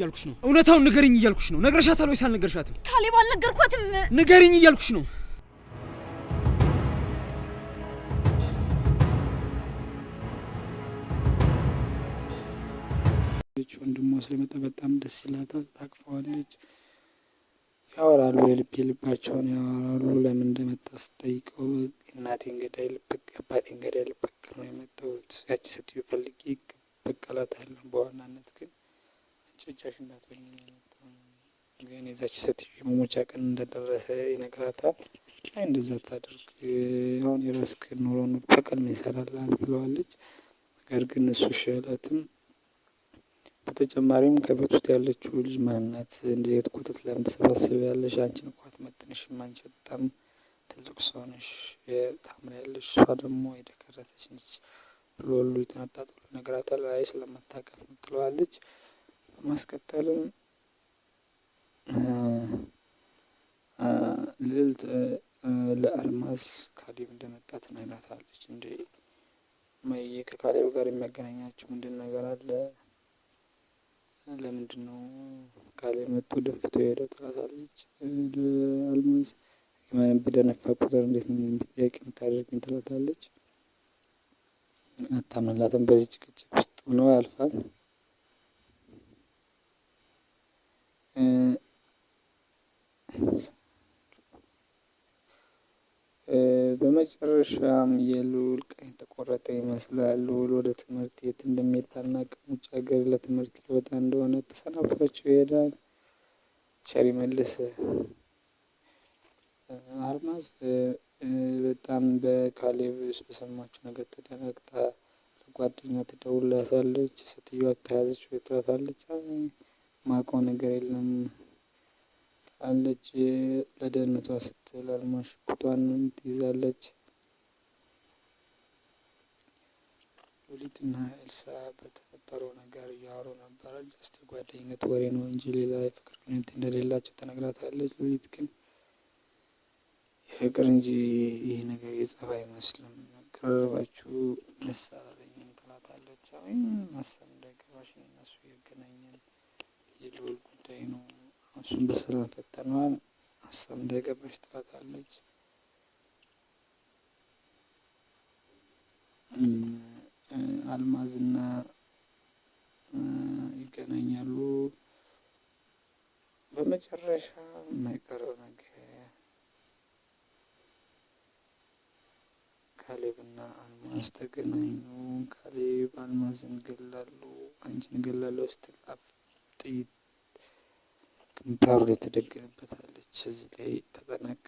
እያልኩሽ ነው። እውነታውን ንገሪኝ እያልኩሽ ነው። ነግረሻታል ወይስ አልነገርሻትም? ካሌብ አልነገርኳትም። ንገሪኝ እያልኩሽ ነው። ወንድሟ ስለመጣ በጣም ደስ ይላታል። ታቅፈዋለች፣ ያወራሉ። የልብ የልባቸውን ያወራሉ። ለምን እንደመጣ ስጠይቀው እናቴ እንገዳይ ልበቅ አባቴ እንገዳይ ልበቅ ነው የመጣሁት ያቺ ስትዩ ፈልጌ በቀላት አለሁ በዋናነት ግን ጭጫሽ እንዳትሆኝ ግን የዛች ሴትዮ የመሞቻ ቀን እንደደረሰ ይነግራታል። አይ እንደዛ ታደርግ አሁን የራስክ ኑሮ ነው በቀል ይሰራላል ብለዋለች። ነገር ግን እሱ ሸለትም በተጨማሪም ከቤት ውስጥ ያለችው ልጅ ማንነት እንደዚህ አይነት ኮተት ለምን ተሰባስብ ያለሽ? አንቺን እኮ አትመጥንሽም። አንቺ በጣም ትልቅ ሰው ነሽ፣ ታምር ያለሽ፣ እሷ ደግሞ የደከረተች ነች ብሎ ሁሉ የተነጣጠሉ ነገራታል። አይ ስለማታውቃት ነው ትለዋለች። በማስቀጠልም ልዕልት ለአልማዝ ካሌብ እንደመጣ ትነግራታለች። እንደ እማዬ ከካሌብ ጋር የሚያገናኛቸው ምንድን ነገር አለ? ለምንድን ነው ካሌብ መጥቶ ደንፍቶ የሄደው? ትላታለች ለአልማዝ በደነፋ ቁጥር እንዴት ነው ጥያቄ የምታደርግኝ? ትላታለች። አታምንላትም። በዚህ ጭቅጭቅ ውስጥ ሆኖ ያልፋል። በመጨረሻም የልዑል ቀን የተቆረጠ ይመስላል። ልዑል ወደ ትምህርት ቤት እንደሚሄድ ታናቅ ውጭ ሀገር ለትምህርት ሊወጣ እንደሆነ ተሰናብቷቸው ይሄዳል። ቸር ይመልስ። አልማዝ በጣም በካሌብ በሰማችው ነገር ተደናግጣ ለጓደኛ ትደውላታለች ሴትዮዋ ተያዘች ትላታለች። ማውቀው ነገር የለም አለች። ለደህንነቷ ስትል አልማሽ ቁጧን ትይዛለች። እና ኤልሳ በተፈጠረው ነገር እያወሩ ነበረ። ጀስት ጓደኝነት ወሬ ነው እንጂ ሌላ የፍቅር ግንኙነት እንደሌላቸው ተነግራታለች። ሉሊት ግን የፍቅር እንጂ ይህ ነገር የጸብ አይመስልም፣ ቅርባችሁ ደስ አላለኝም ትላታለች። አሁን ማሰብ እንዳይገባሽ እነሱ የገናኛል የልዑል ጉዳይ ነው እሱን በሰላም ፈተነዋል። ሀሳብ እንዳይገባሽ ትላታለች። አልማዝና ይገናኛሉ። በመጨረሻ የማይቀረው ነገር ካሌብና አልማዝ ተገናኙ። ካሌብ አልማዝን ገላሉ አንቺን ገላለሁ ስትል ጥይት በብር የተደገፈበታለች እዚህ ላይ ተጠናቀ